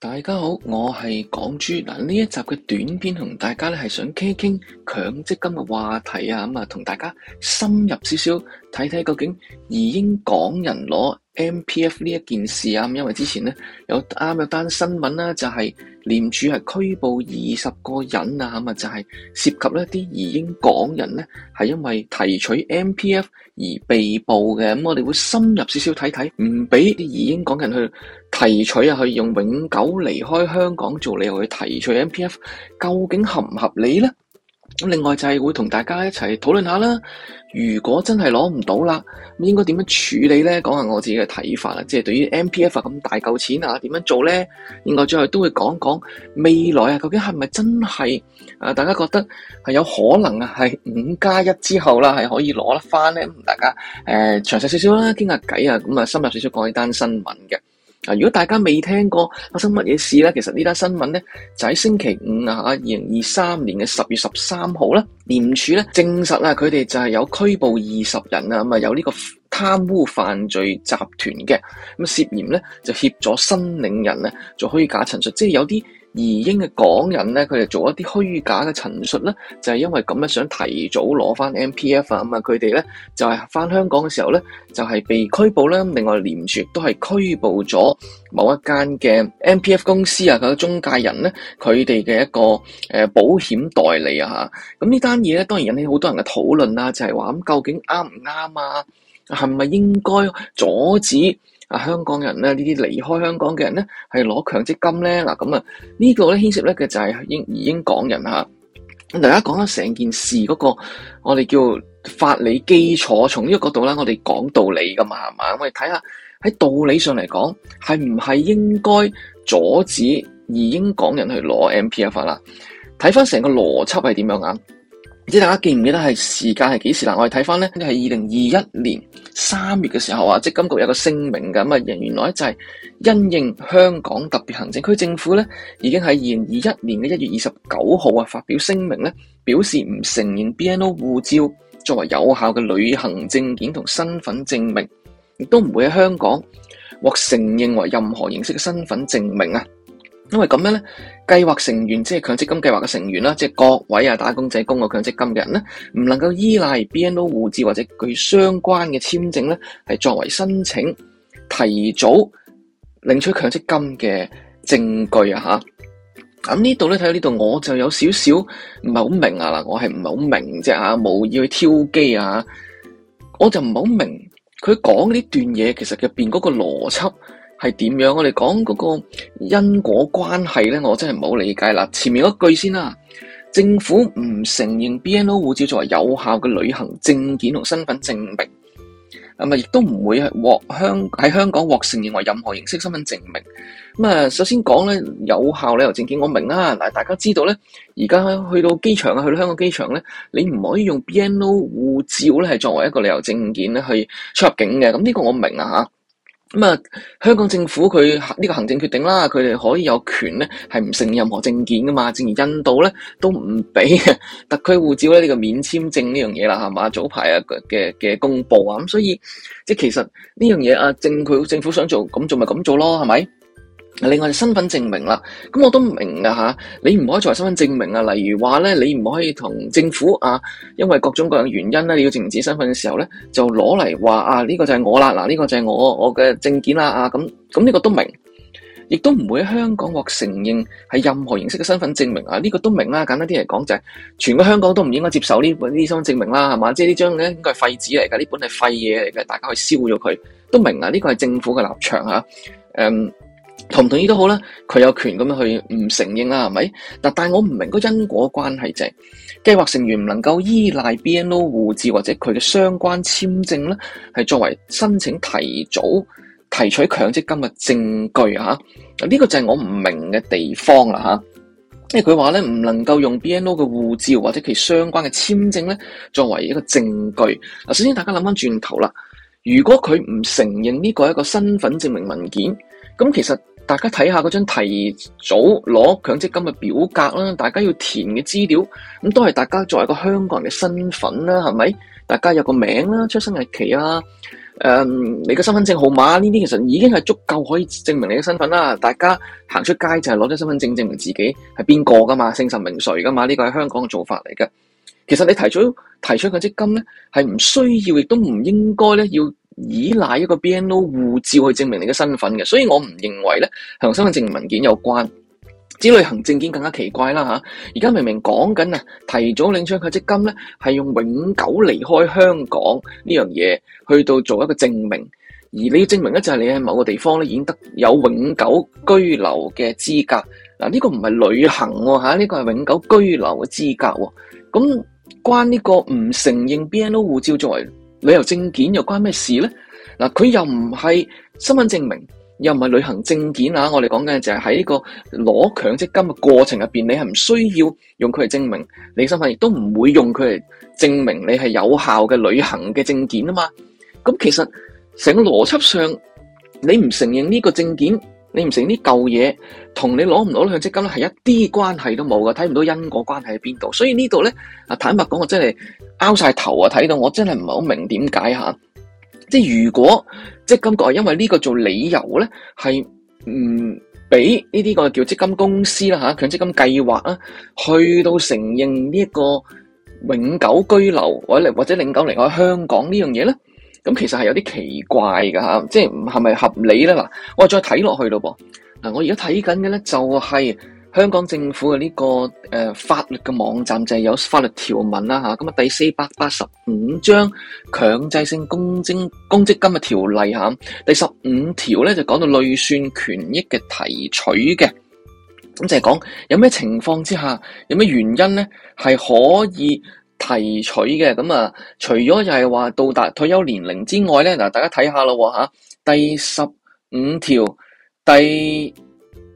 大家好，我係港豬嗱，呢一集嘅短片同大家咧係想傾一傾強積金嘅話題啊咁啊，同、嗯、大家深入少少睇睇究竟移英港人攞 M P F 呢一件事啊咁、嗯，因為之前咧有啱、嗯、有一單新聞啦，就係、是、廉署係拘捕二十個人啊咁啊，就係、是、涉及呢啲移英港人咧係因為提取 M P F 而被捕嘅，咁、嗯、我哋會深入少少睇睇，唔俾啲移英港人去。提取啊！可以用永久離開香港做理由去提取 MPF，究竟合唔合理呢？咁另外就係會同大家一齊討論下啦。如果真係攞唔到啦，應該點樣處理呢？講下我自己嘅睇法啦。即係對於 MPF 咁大嚿錢啊，點樣做呢？應該最後都會講講未來啊，究竟係咪真係、啊、大家覺得係有可能啊？係五加一之後啦，係可以攞得翻呢？大家誒，詳細少少啦，傾下偈啊，咁啊、嗯，深入少少講呢單新聞嘅。啊！如果大家未聽過發生乜嘢事咧，其實呢單新聞咧就喺星期五啊，二零二三年嘅十月十三號呢，廉署咧證實啊，佢哋就係有拘捕二十人啊，有呢個貪污犯罪集團嘅，咁涉嫌咧就協助申領人啊做虛假陳述，即係有啲。移英嘅港人咧，佢哋做一啲虛假嘅陳述咧，就係因為咁樣想提早攞翻 M P F 啊嘛。佢哋咧就係翻香港嘅時候咧，就係被拘捕啦。另外廉署都係拘捕咗某一間嘅 M P F 公司啊，佢嗰中介人咧，佢哋嘅一個誒保險代理啊嚇。咁呢單嘢咧，當然引起好多人嘅討論啦，就係話咁究竟啱唔啱啊？係咪應該阻止？啊，香港人咧，呢啲離開香港嘅人咧，係攞強積金咧，嗱咁啊，呢個咧牽涉咧嘅就係英、移英港人嚇。大家講下成件事嗰個，我哋叫法理基礎。從呢個角度咧，我哋講道理㗎嘛，係嘛？我哋睇下喺道理上嚟講，係唔係應該阻止移英港人去攞 MPF 啦、啊，睇翻成個邏輯係點樣啊？唔知大家記唔記得係時間係幾時啦？我哋睇翻呢，係二零二一年三月嘅時候啊，積金局有個聲明嘅咁啊，人原來就係因應香港特別行政區政府呢，已經喺二零二一年嘅一月二十九號啊發表聲明呢，表示唔承認 BNO 護照作為有效嘅旅行證件同身份證明，亦都唔會喺香港獲承認為任何形式嘅身份證明啊，因為咁樣呢。計劃成員即係強積金計劃嘅成員啦，即係各位啊打工仔供我強積金嘅人咧，唔能夠依賴 BNO 護照或者佢相關嘅簽證咧，係作為申請提早領取強積金嘅證據啊。嚇，咁呢度咧，睇到呢度我就有少少唔係好明啊。嗱，我係唔係好明啫？啊，冇意去挑機啊。我就唔係好明佢講呢段嘢，其實入邊嗰個邏輯。係點樣？我哋講嗰個因果關係咧，我真係唔好理解啦。前面嗰句先啦，政府唔承認 BNO 護照作為有效嘅旅行證件同身份證明，咁啊亦都唔會獲香喺香港獲承認為任何形式身份證明。咁啊，首先講咧有效旅遊證件，我明啦。嗱，大家知道咧，而家去到機場啊，去到香港機場咧，你唔可以用 BNO 護照咧，係作為一個旅遊證件咧去出入境嘅。咁、這、呢個我明啊吓。咁啊，香港政府佢呢個行政決定啦，佢哋可以有權咧係唔承認任何證件噶嘛，正如印度咧都唔俾特區護照咧呢個免簽證呢樣嘢啦，係嘛，早排啊嘅嘅公布啊，咁所以即係其實呢樣嘢啊，政佢政府想做咁做咪咁做咯，係咪？另外身份證明啦，咁我都明㗎。吓，你唔可以作為身份證明啊，例如話咧，你唔可以同政府啊，因為各種各樣嘅原因咧，你要證明身份嘅時候咧，就攞嚟話啊，呢、這個就係我啦，嗱，呢個就係我我嘅證件啦，啊咁咁呢個明都明，亦都唔會喺香港獲承認係任何形式嘅身份證明啊。呢、這個都明啦。簡單啲嚟講，就係、是、全個香港都唔應該接受呢本呢身份證明啦，係嘛？即係呢張咧應該係廢紙嚟㗎，呢本係廢嘢嚟嘅，大家可以燒咗佢都明、這個、啊。呢個係政府嘅立場嚇，同唔同意都好啦，佢有權咁樣去唔承認啦，係咪？嗱，但係我唔明個因果關係就係計劃成員唔能夠依賴 BNO 護照或者佢嘅相關簽證咧，係作為申請提早提取強積金嘅證據吓。嗱，呢個就係我唔明嘅地方啦吓。因為佢話咧唔能夠用 BNO 嘅護照或者其相關嘅簽證咧，作為一個證據。嗱，首先大家諗翻轉頭啦，如果佢唔承認呢個係一個身份證明文件，咁其實。大家睇下嗰張提早攞強積金嘅表格啦，大家要填嘅資料咁都係大家作為一個香港人嘅身份啦，係咪？大家有個名啦、出生日期啊、誒、嗯、你嘅身份證號碼呢啲，這些其實已經係足夠可以證明你嘅身份啦。大家行出街就係攞張身份證證明自己係邊個噶嘛，姓甚名誰噶嘛，呢個係香港嘅做法嚟嘅。其實你提早提出強積金咧，係唔需要亦都唔應該咧要，依賴一個 BNO 護照去證明你嘅身份嘅，所以我唔認為咧同身份證文件有關。至於旅行證件更加奇怪啦吓，而、啊、家明明講緊啊，提早領取強積金咧係用永久離開香港呢樣嘢去到做一個證明，而你要證明咧就係你喺某個地方咧已經得有永久居留嘅資格。嗱、啊、呢、這個唔係旅行喎吓，呢、啊這個係永久居留嘅資格。咁、啊、關呢個唔承認 BNO 護照作為？旅遊證件又關咩事咧？嗱，佢又唔係身份證明，又唔係旅行證件啊！我哋講嘅就係喺呢個攞強積金嘅過程入邊，你係唔需要用佢嚟證，證明你身份，亦都唔會用佢嚟證明你係有效嘅旅行嘅證件啊嘛！咁其實成個邏輯上，你唔承認呢個證件。你唔成呢舊嘢，同你攞唔攞到強積金咧，係一啲關係都冇㗎，睇唔到因果關係喺邊度。所以呢度咧，啊坦白講，我真係拗晒頭啊！睇到我真係唔係好明點解吓。即係如果即係積金局係因為呢個做理由咧，係唔俾呢啲個叫積金公司啦嚇強積金計劃啦，去到承認呢一個永久居留或者或者永久離開香港呢樣嘢咧？咁其實係有啲奇怪㗎，即係係咪合理咧？嗱，我哋再睇落去咯噃。嗱，我而家睇緊嘅咧就係香港政府嘅呢個誒法律嘅網站，就係有法律條文啦嚇。咁啊，第四百八十五章強制性公積公積金嘅條例嚇，第十五條咧就講到累算權益嘅提取嘅。咁就係講有咩情況之下，有咩原因咧係可以？提取嘅。咁啊，除咗就係話到達退休年齡之外咧，嗱，大家睇下咯嚇，第十五條第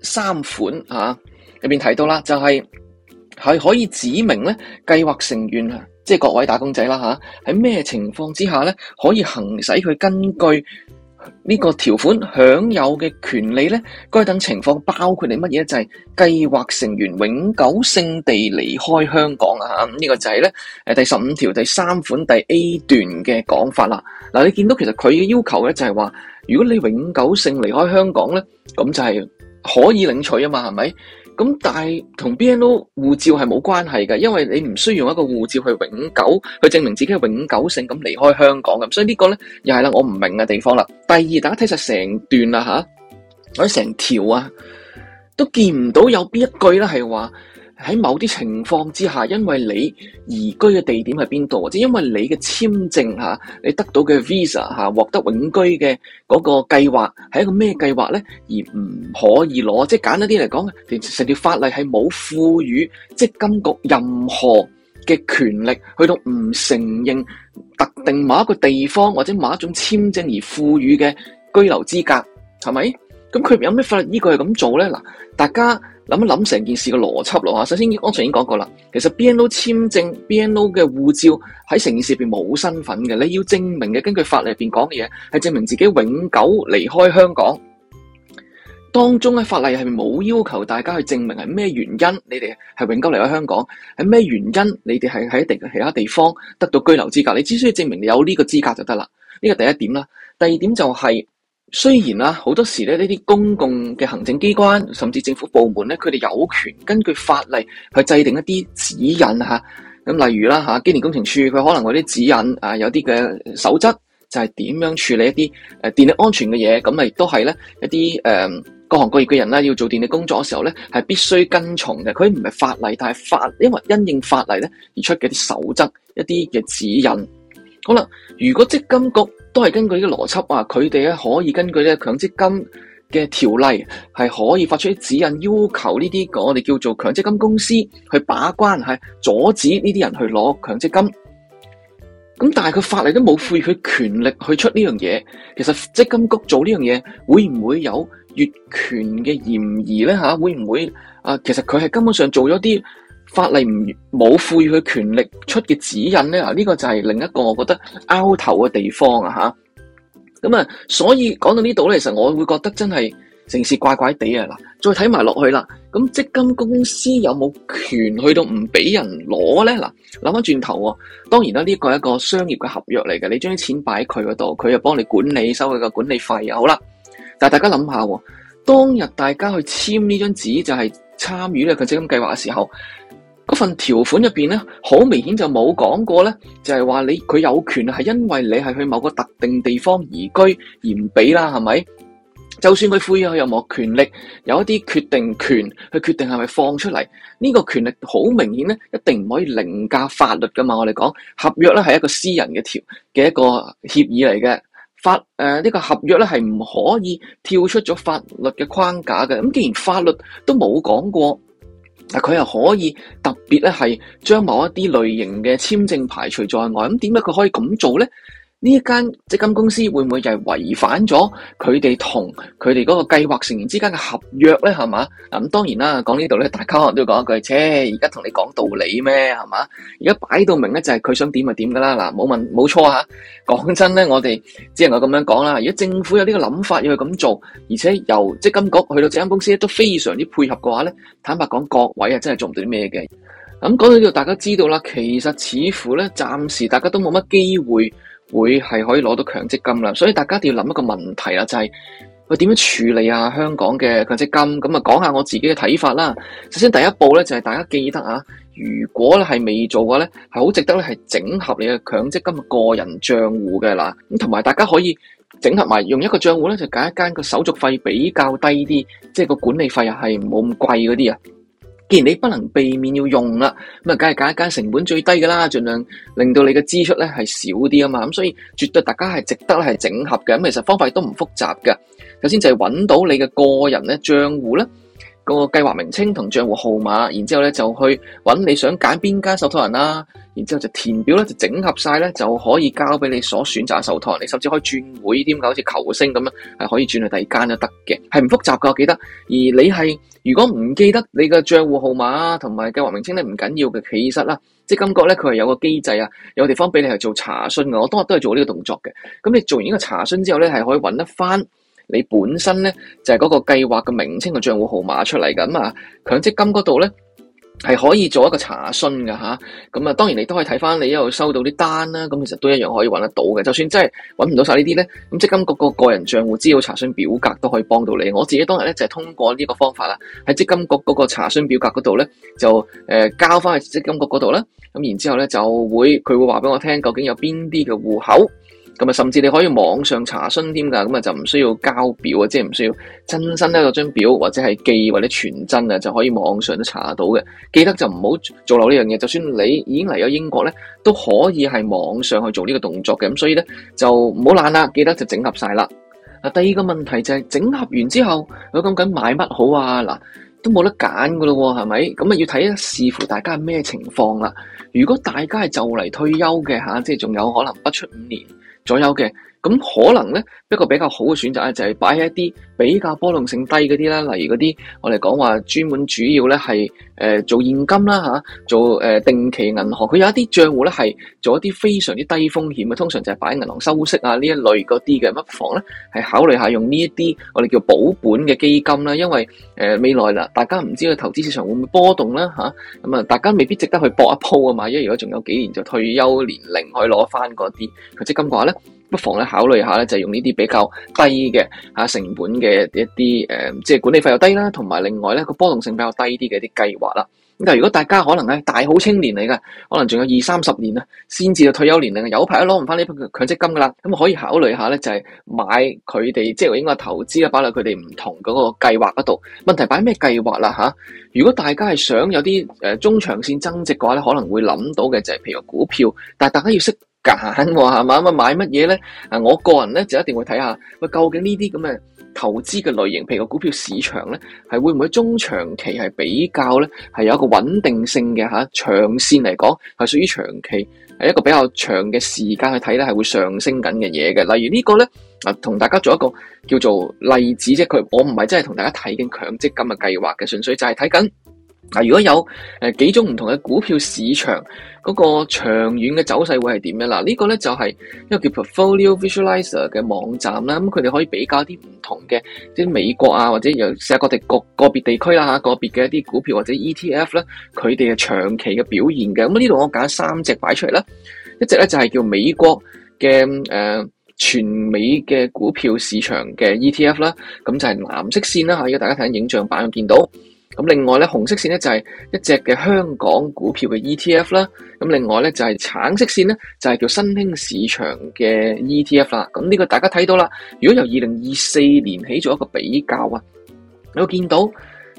三款嚇入邊提到啦，就係係可以指明咧，計劃成員啊，即係各位打工仔啦嚇，喺咩情況之下咧可以行使佢根據呢個條款享有嘅權利咧，該等情況包括你乜嘢就係、是、計劃成員永久性地離開香港啊！吓、嗯，呢、這個就係咧，誒第十五條第三款第 A 段嘅講法啦。嗱、嗯，你見到其實佢嘅要求咧就係、是、話，如果你永久性離開香港咧，咁就係可以領取啊嘛，係咪？咁但係同 BNO 護照係冇關係嘅，因為你唔需要用一個護照去永久去證明自己嘅永久性咁離開香港咁，所以這個呢個咧又係啦，我唔明嘅地方啦。第二，大家睇實成段啦吓，或者成條啊，都見唔到有邊一句咧係話。喺某啲情況之下，因為你移居嘅地點喺邊度，或者因為你嘅簽證嚇，你得到嘅 visa 嚇獲得永居嘅嗰個計劃係一個咩計劃咧？而唔可以攞，即係簡單啲嚟講，成條法例係冇賦予積金局任何嘅權力去到唔承認特定某一個地方或者某一種簽證而賦予嘅居留資格，係咪？咁佢有咩法律依據去咁做咧？嗱，大家諗一諗成件事嘅邏輯咯吓。首先，剛才已經講過啦，其實 BNO 簽證、BNO 嘅護照喺成件事入邊冇身份嘅。你要證明嘅，根據法例入邊講嘅嘢，係證明自己永久離開香港。當中嘅法例係冇要求大家去證明係咩原因，你哋係永久離開香港係咩原因？你哋係喺地其他地方得到居留資格，你只需要證明你有呢個資格就得啦。呢個第一點啦。第二點就係、是。雖然啦，好多時咧，呢啲公共嘅行政機關，甚至政府部門咧，佢哋有權根據法例去制定一啲指引吓。咁、啊、例如啦，吓機電工程處佢可能有啲指引啊，有啲嘅守則就係、是、點樣處理一啲誒、呃、電力安全嘅嘢。咁亦都係咧一啲誒、呃、各行各業嘅人啦，要做電力工作嘅時候咧，係必須跟從嘅。佢唔係法例，但係法因為因應法例咧而出嘅啲守則，一啲嘅指引。好啦，如果積金局都係根據呢個邏輯啊，佢哋咧可以根據呢個強積金嘅條例係可以發出啲指引，要求呢啲我哋叫做強積金公司去把關，係阻止呢啲人去攞強積金。咁但係佢法例都冇賦予佢權力去出呢樣嘢。其實積金局做呢樣嘢會唔會有越權嘅嫌疑咧？吓會唔會啊？其實佢係根本上做咗啲。法例唔冇賦予佢權力出嘅指引咧，嗱、啊、呢、呢個就係另一個我覺得拗頭嘅地方啊，咁啊。所以講到呢度呢，其實我會覺得真係成事怪怪地啊。嗱，再睇埋落去啦，咁積金公司有冇權去到唔俾人攞呢？嗱、啊，諗翻轉頭喎，當然啦，呢、啊呢個係一個商業嘅合約嚟嘅，你將啲錢擺喺佢嗰度，佢又幫你管理收佢嘅管理費啊。好啦，但係大家諗下、啊，當日大家去簽呢張紙就係參與呢個積金計劃嘅時候。嗰份條款入邊咧，好明顯就冇講過咧，就係話你佢有權係因為你係去某個特定地方移居而唔俾啦，係咪？就算佢賦予佢任何權力，有一啲決定權去決定係咪放出嚟？呢個權力好明顯咧，一定唔可以凌駕法律噶嘛！我哋講合約咧係一個私人嘅條嘅一個協議嚟嘅，法誒呢個合約咧係唔可以跳出咗法律嘅框架嘅。咁既然法律都冇講過。嗱，佢又可以特別咧，係將某一啲類型嘅簽證排除在外。咁點解佢可以咁做呢？呢一間積金公司會唔會就係違反咗佢哋同佢哋嗰個計劃成員之間嘅合約咧？係嘛？咁當然啦，講呢度咧，大家都要講一句，切，而家同你講道理咩？係嘛？而家擺到明咧，就係佢想點咪點噶啦。嗱，冇問冇錯吓。講真咧，我哋只能夠咁樣講啦。而家政府有呢個諗法要去咁做，而且由積金局去到積金公司都非常之配合嘅話咧，坦白講，各位啊真係做唔到啲咩嘅。咁講到呢度，大家知道啦，其實似乎咧，暫時大家都冇乜機會。會係可以攞到強積金啦，所以大家一定要諗一個問題啦，就係佢點樣處理啊香港嘅強積金？咁啊，講下我自己嘅睇法啦。首先第一步咧，就係、是、大家記得啊，如果咧係未做嘅話咧，係好值得咧，係整合你嘅強積金嘅個人賬戶嘅啦。咁同埋大家可以整合埋，用一個賬戶咧，就揀一間個手續費比較低啲，即係個管理費啊，係冇咁貴嗰啲啊。既然你不能避免要用啦，咁啊，梗係揀一揀成本最低嘅啦，盡量令到你嘅支出咧係少啲啊嘛，咁所以絕對大家係值得咧係整合嘅，咁其實方法亦都唔複雜嘅。首先就係揾到你嘅個人咧賬戶咧，個計劃名稱同賬戶號碼，然之後咧就去揾你想揀邊間受託人啦，然之後就填表咧就整合晒咧，就可以交俾你所選擇受託人，你甚至可以轉會添㗎，好似球星咁樣，係可以轉去第二間都得嘅，係唔複雜噶，我記得。而你係如果唔記得你嘅賬戶號碼同埋計劃名稱咧，唔緊要嘅，其實啦，即係感覺咧佢係有個機制啊，有地方俾你係做查詢嘅，我當日都係做呢個動作嘅。咁你做完呢個查詢之後咧，係可以揾得翻。你本身咧就係、是、嗰個計劃嘅名稱嘅賬戶號碼出嚟咁啊，強、嗯、積金嗰度咧係可以做一個查詢㗎。吓、啊，咁、嗯、啊，當然你都可以睇翻你一路收到啲單啦。咁、嗯、其實都一樣可以搵得到嘅。就算真係搵唔到晒呢啲咧，咁、嗯、積金局個個人賬戶資料查詢表格都可以幫到你。我自己當日咧就係、是、通過呢個方法啦，喺積金局嗰個查詢表格嗰度咧就、呃、交翻去積金局嗰度啦。咁、嗯、然之後咧就會佢會話俾我聽，究竟有邊啲嘅戶口。咁啊，甚至你可以網上查詢添㗎，咁啊就唔需要交表啊，即係唔需要親身攞張表或者係寄或者傳真啊，就可以網上都查到嘅。記得就唔好做漏呢樣嘢。就算你已經嚟咗英國咧，都可以喺網上去做呢個動作嘅。咁所以咧就唔好懶啦，記得就整合晒啦。第二個問題就係、是、整合完之後，佢咁緊買乜好啊？嗱，都冇得揀㗎咯，係咪？咁啊要睇視乎大家係咩情況啦。如果大家係就嚟退休嘅嚇，即係仲有可能不出五年。左右嘅。咁可能咧，一個比較好嘅選擇咧，就係擺喺一啲比較波動性低嗰啲啦，例如嗰啲我哋講話專門主要咧係誒做現金啦、啊、做、呃、定期銀行，佢有一啲帳戶咧係做一啲非常之低風險嘅，通常就係擺喺銀行收息啊呢一類嗰啲嘅乜房咧，係考慮下用呢一啲我哋叫保本嘅基金啦，因為誒、呃、未來啦大家唔知個投資市場會唔會波動啦吓，咁啊，啊大家未必值得去搏一鋪啊嘛，因為如果仲有幾年就退休年齡可以攞翻嗰啲強積金嘅話咧。不妨咧考慮下咧，就係用呢啲比較低嘅嚇成本嘅一啲誒、呃，即係管理費又低啦，同埋另外咧個波動性比較低啲嘅啲計劃啦。咁但係如果大家可能咧大好青年嚟嘅，可能仲有二三十年啊，先至到退休年齡，有排都攞唔翻呢筆強積金噶啦，咁可以考慮下咧，就係買佢哋即係應該投資啊，擺落佢哋唔同嗰個計劃嗰度。問題擺咩計劃啦嚇？如果大家係想有啲誒中長線增值嘅話咧，可能會諗到嘅就係譬如股票，但係大家要識。揀係嘛，咁買乜嘢咧？啊我個人咧就一定會睇下，咪究竟呢啲咁嘅投資嘅類型，譬如個股票市場咧，係會唔會中長期係比較咧，係有一個穩定性嘅吓，長線嚟講係屬於長期，係一個比較長嘅時間去睇咧係會上升緊嘅嘢嘅。例如個呢個咧，啊同大家做一個叫做例子啫，佢我唔係真係同大家睇緊強積金嘅計劃嘅，純粹就係睇緊。嗱，如果有誒、呃、幾種唔同嘅股票市場嗰、那個長遠嘅走勢會係點樣？嗱、呃，這個、呢個咧就係、是、一、這個叫 Portfolio Visualizer 嘅網站啦。咁佢哋可以比較啲唔同嘅，即係美國啊，或者有世界各地個個別地區啦嚇，個別嘅一啲股票或者 ETF 咧，佢哋嘅長期嘅表現嘅。咁呢度我揀三隻擺出嚟啦，一隻咧就係、是、叫美國嘅誒、呃、全美嘅股票市場嘅 ETF 啦、嗯，咁、嗯、就係、是、藍色線啦嚇，如、啊、果大家睇緊影像版見到。咁另外咧，紅色線咧就係一隻嘅香港股票嘅 ETF 啦。咁另外咧就係橙色線咧就係叫新興市場嘅 ETF 啦。咁呢個大家睇到啦。如果由二零二四年起做一個比較啊，你會見到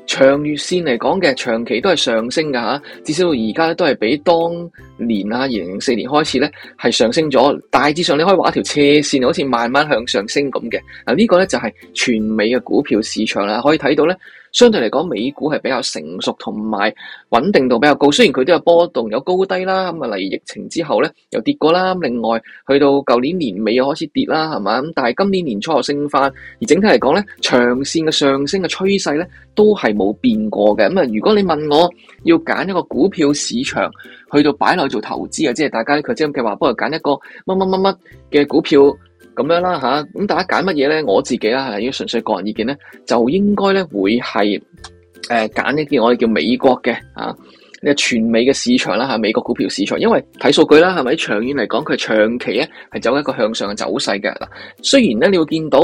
長月線嚟講嘅長期都係上升噶吓。至少到而家咧都係比當年啊二零零四年開始咧係上升咗。大致上你可以畫一條斜線，好似慢慢向上升咁嘅。嗱、這、呢個咧就係全美嘅股票市場啦。可以睇到咧。相對嚟講，美股係比較成熟同埋穩定度比較高，雖然佢都有波動有高低啦，咁啊，例如疫情之後咧又跌過啦，咁另外去到舊年年尾又開始跌啦，係嘛，咁但係今年年初又升翻，而整體嚟講咧，長線嘅上升嘅趨勢咧都係冇變過嘅。咁啊，如果你問我要揀一個股票市場去到擺落去做投資啊，即係大家佢即係咁嘅話，不如揀一個乜乜乜乜嘅股票。咁樣啦吓，咁大家揀乜嘢咧？我自己啦，係要純粹個人意見咧，就應該咧會係誒揀一啲我哋叫美國嘅啊全美嘅市場啦，美國股票市場，因為睇數據啦係咪？是是長遠嚟講，佢長期咧係走一個向上嘅走勢嘅嗱。雖然咧你會見到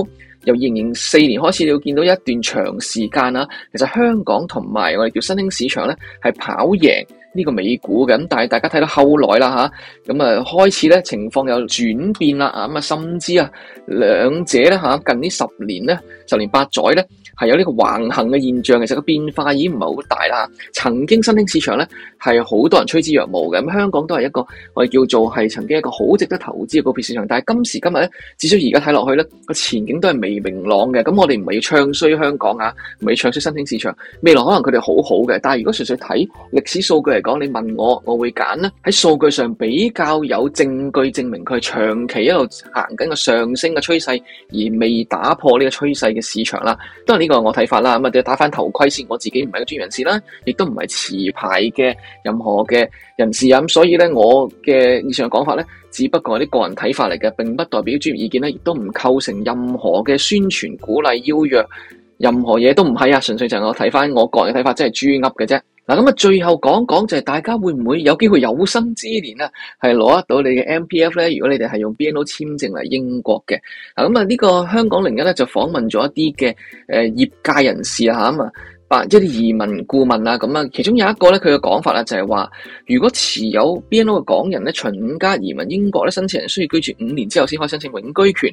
由二零零四年開始，你會見到一段長時間啦其實香港同埋我哋叫新興市場咧係跑贏呢個美股嘅，但係大家睇到後來啦吓，咁啊開始咧情況有轉變啦，啊咁啊甚至啊兩者咧吓、啊，近呢十年咧，十年八載咧，係有呢個橫行嘅現象，其實個變化已經唔係好大啦。曾經新興市場呢，係好多人趨之若鶩嘅，咁香港都係一個我哋叫做係曾經一個好值得投資嘅股票市場。但係今時今日呢，至少而家睇落去呢個前景都係未明朗嘅。咁我哋唔係要唱衰香港啊，唔係唱衰新興市場。未來可能佢哋好好嘅，但係如果純粹睇歷史數據嚟講，你問我，我會揀呢喺數據上比較有證據證明佢係長期一路行緊個上升嘅趨勢，而未打破呢個趨勢嘅市場啦。呢個我睇法啦。咁啊，要打翻頭盔先。我自己唔係個專業人士啦，亦都唔係持牌嘅任何嘅人士。咁所以咧，我嘅以上講法咧，只不過係啲個人睇法嚟嘅，並不代表專業意見咧，亦都唔構成任何嘅宣傳、鼓勵、邀約，任何嘢都唔係啊。純粹就係我睇翻我個人嘅睇法，即係豬噏嘅啫。嗱，咁啊，最後講講就係大家會唔會有機會有生之年啊，係攞得到你嘅 MPF 咧？如果你哋係用 BNO 簽證嚟英國嘅，嗱，咁啊，呢個香港01咧就訪問咗一啲嘅誒業界人士啊咁啊。一啲移民顧問啊，咁啊，其中有一個咧，佢嘅講法呢，就係話，如果持有 BNO 嘅港人咧，而家移民英國咧，申請人需要居住五年之後先可以申請永居權。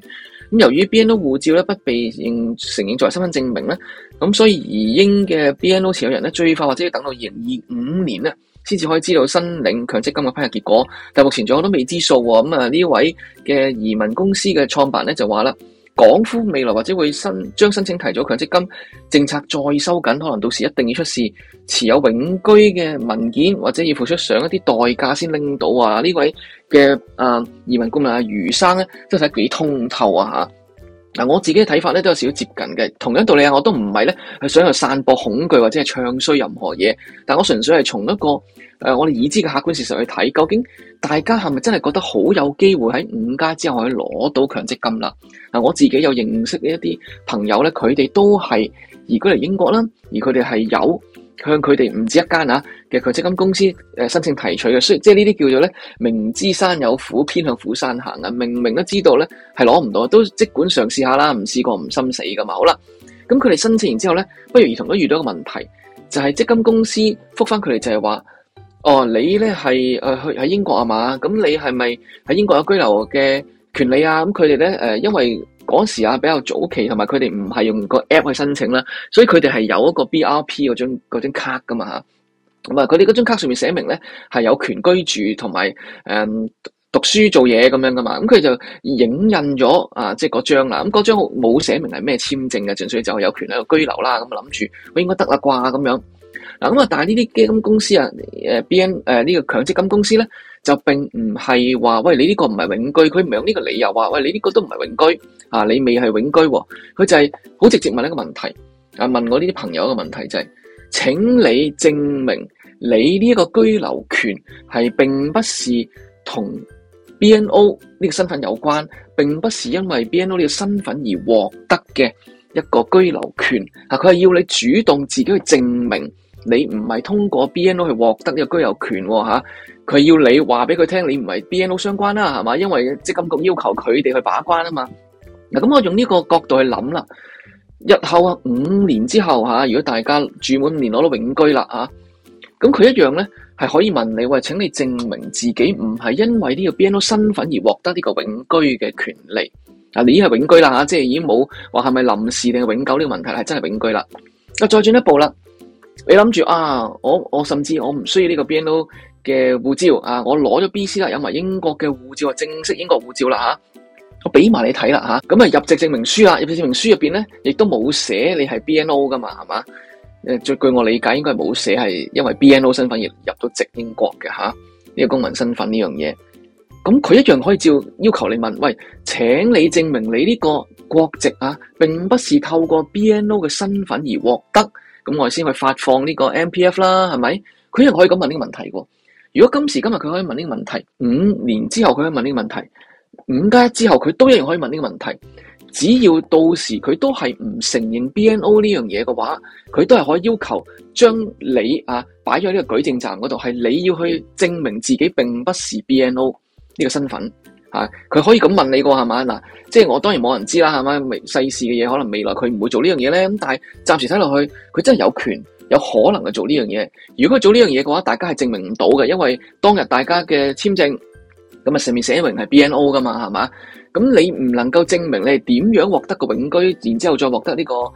咁由於 BNO 護照咧不被認承認作為身份證明咧，咁所以移英嘅 BNO 持有人咧，最快或者要等到二零二五年咧，先至可以知道申領強積金嘅批核結果。但目前仲有好多未知數喎。咁啊，呢位嘅移民公司嘅創辦咧就話啦。港府未來或者會申將申請提早強積金政策再收緊，可能到時一定要出示持有永居嘅文件或者要付出上一啲代價先拎到啊！呢位嘅、呃、移民顧問阿余生咧，真係幾通透啊。嗱，我自己嘅睇法咧都有少少接近嘅，同樣道理啊，我都唔係咧想去散播恐懼或者係唱衰任何嘢，但我純粹係從一個我哋已知嘅客觀事實去睇，究竟大家係咪真係覺得好有機會喺五加之後可以攞到強積金啦？嗱，我自己有認識嘅一啲朋友咧，佢哋都係移居嚟英國啦，而佢哋係有向佢哋唔止一間啊。嘅佢積金公司申請提取嘅，所以即係呢啲叫做咧明知山有虎，偏向虎山行啊！明明都知道咧係攞唔到，都即管嘗試下啦，唔試過唔心死噶嘛。好啦，咁佢哋申請完之後咧，不約而同都遇到一個問題，就係、是、積金公司復翻佢哋就係話：哦，你咧係、呃、去喺英國啊嘛，咁你係咪喺英國有居留嘅權利啊？咁佢哋咧因為嗰時啊比較早期，同埋佢哋唔係用個 app 去申請啦，所以佢哋係有一個 BRP 嗰張嗰張卡噶嘛。咁啊，佢哋嗰張卡上面寫明咧係有權居住同埋誒讀書做嘢咁樣噶嘛，咁佢就影印咗啊，即係嗰張啦。咁嗰張冇寫明係咩簽證嘅，純粹就係有權喺度居留啦。咁啊諗住，喂，應該得啦啩咁樣。嗱咁啊，但係呢啲基金公司啊，誒 B.N. 誒呢個強積金公司咧，就並唔係話喂，你呢個唔係永居，佢唔係用呢個理由話喂，你呢個都唔係永居啊，你未係永居喎。佢就係好直接問一個問題啊，問我呢啲朋友嘅問題就係：請你證明。你呢個居留權係並不是同 BNO 呢個身份有關，並不是因為 BNO 呢個身份而獲得嘅一個居留權。啊，佢係要你主動自己去證明你唔係通過 BNO 去獲得呢個居留權喎、嚇、佢要你話俾佢聽，你唔係 BNO 相關啦、啊，係嘛？因為積金局要求佢哋去把關啊嘛。嗱咁，我用呢個角度去諗啦。日後啊，五年之後嚇，如果大家住滿五年攞到永居啦嚇。咁佢一樣咧，係可以問你喂，請你證明自己唔係因為呢個 BNO 身份而獲得呢個永居嘅權利。啊，你已經係永居啦，即係已經冇話係咪臨時定係永久呢個問題，係真係永居啦。啊，再進一步啦，你諗住啊，我我甚至我唔需要呢個 BNO 嘅護照啊，我攞咗 BC 啦，有埋英國嘅護照啊，正式英國護照啦，嚇，我俾埋你睇啦咁啊入，入籍證明書啊，入籍證明書入面咧，亦都冇寫你係 BNO 噶嘛，係嘛？誒，最據我理解，應該係冇寫係因為 BNO 身份而入到直英國嘅嚇，呢個公民身份呢樣嘢，咁佢一樣可以照要求你問，喂，請你證明你呢個國籍啊，並不是透過 BNO 嘅身份而獲得，咁我先去發放呢個 MPF 啦，係咪？佢一樣可以咁問呢個問題嘅。如果今時今日佢可以問呢個問題，五年之後佢可以問呢個問題，五加一之後佢都一樣可以問呢個問題。只要到時佢都係唔承認 BNO 呢樣嘢嘅話，佢都係可以要求將你啊擺咗呢個舉證站嗰度，係你要去證明自己並不是 BNO 呢個身份啊，佢可以咁問你個係嘛嗱。即係我當然冇人知啦，係咪？未世事嘅嘢，可能未來佢唔會做呢樣嘢咧。咁但係暫時睇落去，佢真係有權有可能去做呢樣嘢。如果佢做呢樣嘢嘅話，大家係證明唔到嘅，因為當日大家嘅簽證，咁啊，上面寫明係 BNO 噶嘛，係嘛？咁你唔能夠證明你係點樣獲得個永居，然之後再獲得呢、這個誒、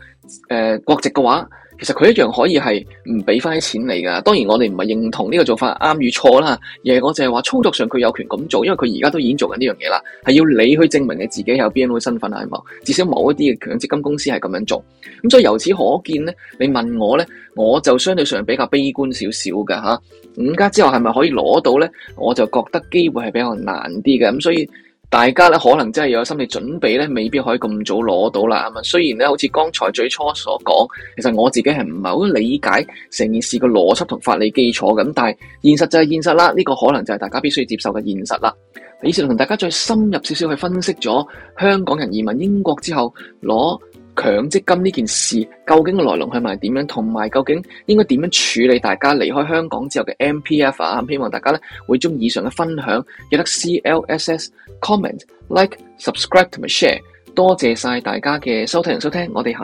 呃、國籍嘅話。其實佢一樣可以係唔俾翻啲錢嚟噶，當然我哋唔係認同呢個做法啱與錯啦，而係我淨係話操作上佢有權咁做，因為佢而家都已經做緊呢樣嘢啦，係要你去證明你自己有 BNO 身份係冇，至少某一啲嘅強積金公司係咁樣做，咁所以由此可見咧，你問我咧，我就相對上比較悲觀少少㗎。吓，五加一之後係咪可以攞到咧？我就覺得機會係比較難啲嘅，咁所以。大家咧可能真係有心理準備咧，未必可以咁早攞到啦。咁雖然咧好似剛才最初所講，其實我自己係唔係好理解成件事嘅邏輯同法理基礎咁，但係現實就係現實啦。呢個可能就係大家必須要接受嘅現實啦。以前同大家再深入少少去分析咗香港人移民英國之後攞。強積金呢件事究竟嘅來龍去脈係點樣，同埋究竟應該點樣處理？大家離開香港之後嘅 M P F 啊，希望大家咧會鍾意以上嘅分享，記得 C L S S comment like subscribe 同埋 share。多謝晒大家嘅收聽收聽，我哋下。